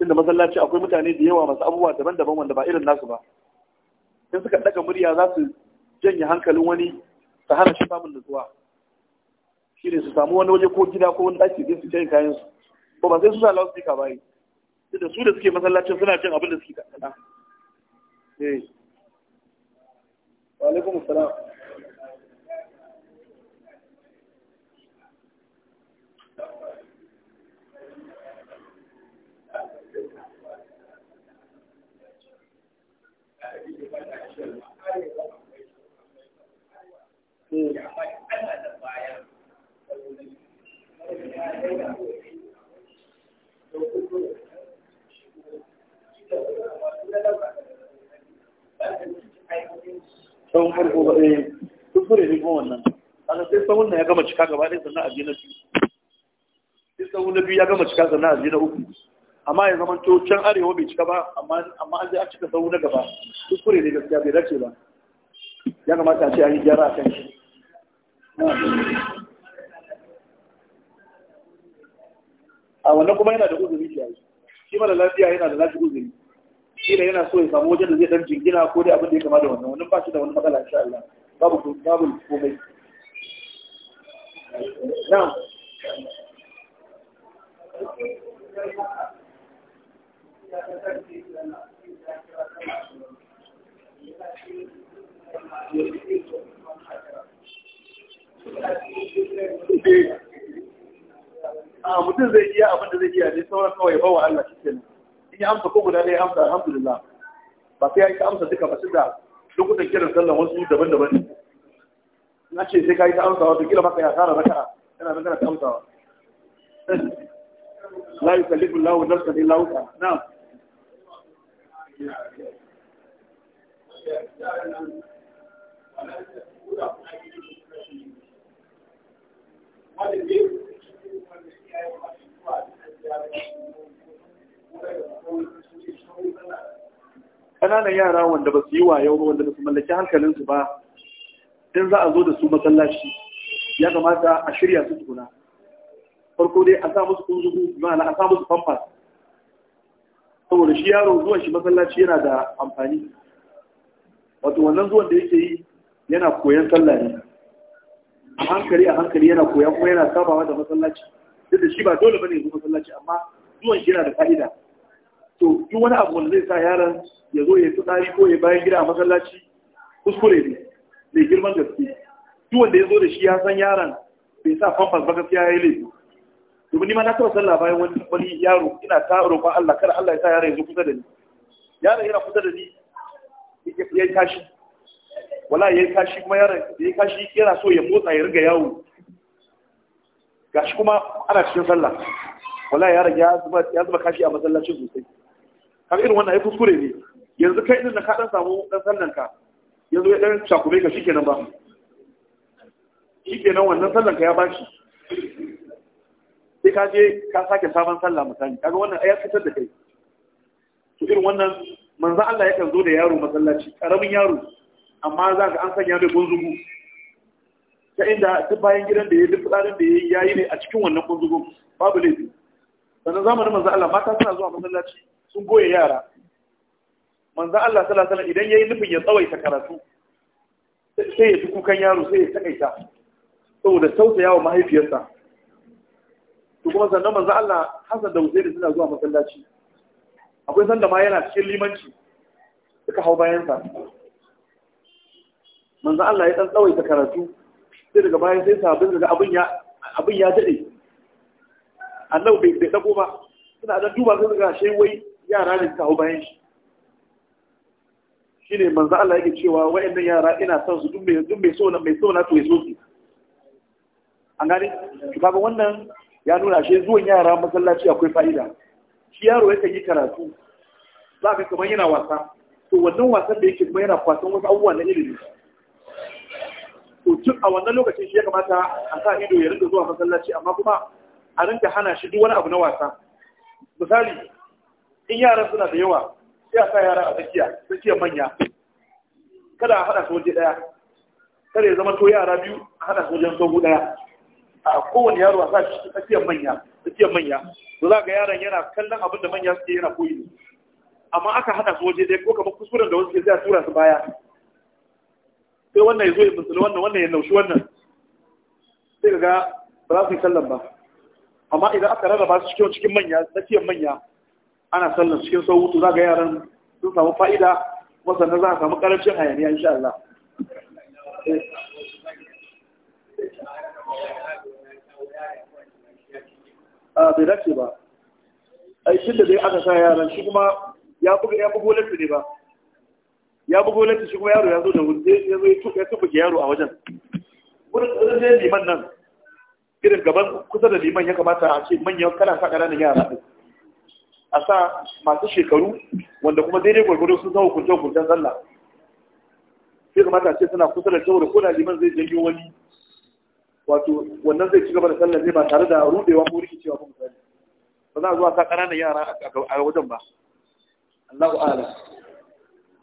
Inda masallaci akwai mutane da yawa masu abubuwa daban-daban wanda ba irin nasu ba in suka daga murya za su janye hankalin wani su hana shi samun nutsuwa shi ne su samu wani waje ko gida ko wani ɗaki din su cin kayan su ko ba sai su sa loudspeaker ba yi da su da suke masallacin suna cin abin da suke kankana. Eh. Wa alaikum salam. Tsawon farko ba ɗaya, duk fure ne kuma wannan. Ana sai tsawon nan ya gama cika gaba ɗaya sannan aje na biyu. Sai tsawon na biyu ya gama cika sannan aje na uku. Amma ya zama to can arewa bai cika ba, amma an je a cika tsawon na gaba. Duk fure ne gaskiya bai dace ba. Ya kamata a ce an yi gyara a kan shi. a wannan kuma yana da uzuri shi yayi shi mara lafiya yana da lafiya uzuri shi da yana so ya samu wajen da zai dan jingina ko dai abin da ya kama da wannan wannan ba shi da wani matsala insha Allah babu babu komai na'am Thank you. a mutum zai iya abin da zai iya ne sauran kawai bawa Allah shi kenan in ya amsa ko guda ne ya amsa alhamdulillah ba sai ya yi ta amsa duka ba da lokutan kiran sallan wasu daban-daban ne na ce sai ka yi ta amsa wata kila maka ya tsara raka yana nan kana ta amsawa la yukallifu Allahu nafsan illa wusa na'am Thank you. ƙananan yara wanda ba su yi wa ba wanda ba su mallaki hankalinsu ba in za a zo da su masallaci ya kamata a shirya su tukuna farko dai a sa musu kunzugu ma'ana a sa musu pampas saboda shi yaro zuwan shi masallaci yana da amfani wato wannan zuwan da yake yi yana koyon sallah ne hankali a hankali yana koya kuma yana sabawa da masallaci duk da shi ba dole bane zuwa masallaci amma zuwan shi yana da fa'ida to duk wani abu wanda zai sa yaron ya zo ya tsari ko ya bayan gida a masallaci kuskure ne mai girman gaske duk wanda ya zo da shi ya san yaron bai sa famfas ba gaskiya ya yi laifi domin ni ma na taɓa sallah bayan wani wani yaro ina ta roƙon Allah kada Allah ya sa yaron ya zo kusa da ni yaron yana kusa da ni ya tashi wala ya yi kashi kuma yaron yi kashi yana so ya motsa ya riga yawo gashi kuma ana cikin sallah wala ya zuba ya zuba kashi a masallacin sosai kan irin wannan ya kuskure ne yanzu kai din da ka dan samu dan sallan ka yanzu ya dan shakume ka shikenan ba shikenan wannan sallan ka ya bashi sai ka je ka sake sabon sallah misali kaga wannan ai ya fitar da kai to irin wannan manzo Allah yakan zo da yaro masallaci karamin yaro amma za ka an sanya mai gunzugu ta inda duk bayan gidan da ya duk fitsarin da ya yi ne a cikin wannan gunzugu babu laifi sannan zamanin manzan Allah mata suna zuwa masallaci sun goye yara manzan Allah salasala idan idan yi nufin ya tsawaita karatu sai ya fi kukan yaro sai ya takaita saboda wa mahaifiyarsa to kuma sannan manza Allah Hassan da Uzairi suna zuwa masallaci akwai sanda ma yana cikin limanci suka hau bayansa manzo Allah ya dan tsawaita karatu sai daga bayan sai sabbin daga abin ya abin ya dade Allah bai bai dago ba suna dan duba sai daga shi wai yara ne ta hau bayan shi shine manzo Allah yake cewa wayannan yara ina son su dumbe dumbe so na mai so na to yaso su an gani kaga wannan ya nuna shi zuwan yara masallaci akwai fa'ida shi yaro yake yi karatu za ka kamar yana wasa to wannan wasan da yake kuma yana kwasan wasu abubuwa na ilimi tun a wannan lokacin shi ya kamata a sa ido ya rinka zuwa masallaci amma kuma a rinka hana shi duk wani abu na wasa misali in yaran suna da yawa sai a sa yara a tsakiya tsakiyar manya kada a hada su waje daya kada ya zama to yara biyu a hada su wajen sahu daya a kowane yaro a sa shi tsakiyar manya tsakiyar manya to za ga yaran yana kallon abin da manya suke yana koyi amma aka hada su waje daya ko kamar kuskuren da wasu ke sai a tura su baya sai wannan ya zo ya musulun wannan wannan ya naushi wannan sai ga ba za su yi sallan ba amma idan aka rarraba su cikin cikin manya tsakiyar manya ana sallan cikin sau hutu za ga yaran sun samu fa'ida kuma sannan za a samu karancin hayaniya insha Allah eh. a ah, bai dace ba yi shi da dai aka sa yaran shi kuma ya buga ya buga wani ne ba ya bugo lati shi kuma yaro ya zo da wuri ya zo ya tuba yaro a wajen wurin da liman nan irin gaban kusa da liman ya kamata a ce manyan kana sa ƙananan yara ɗin a sa masu shekaru wanda kuma daidai gwargwaro sun zama hukunce hukuncen sallah sai kamata a ce suna kusa da saboda ko da liman zai janyo wani wato wannan zai ci gaba da sallar ne ba tare da rudewa ko rikicewa ko misali ba za a zuwa sa ƙananan yara a wajen ba Allahu a'lam